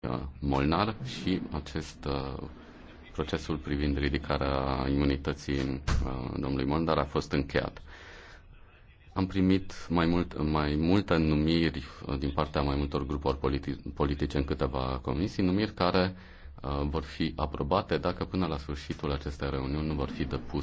Uh, Molnar și acest uh, procesul privind ridicarea imunității uh, domnului Molnar a fost încheiat. Am primit mai, mult, mai multe numiri din partea mai multor grupuri politi- politice în câteva comisii, numiri care vor fi aprobate dacă până la sfârșitul acestei reuniuni nu vor fi depuse.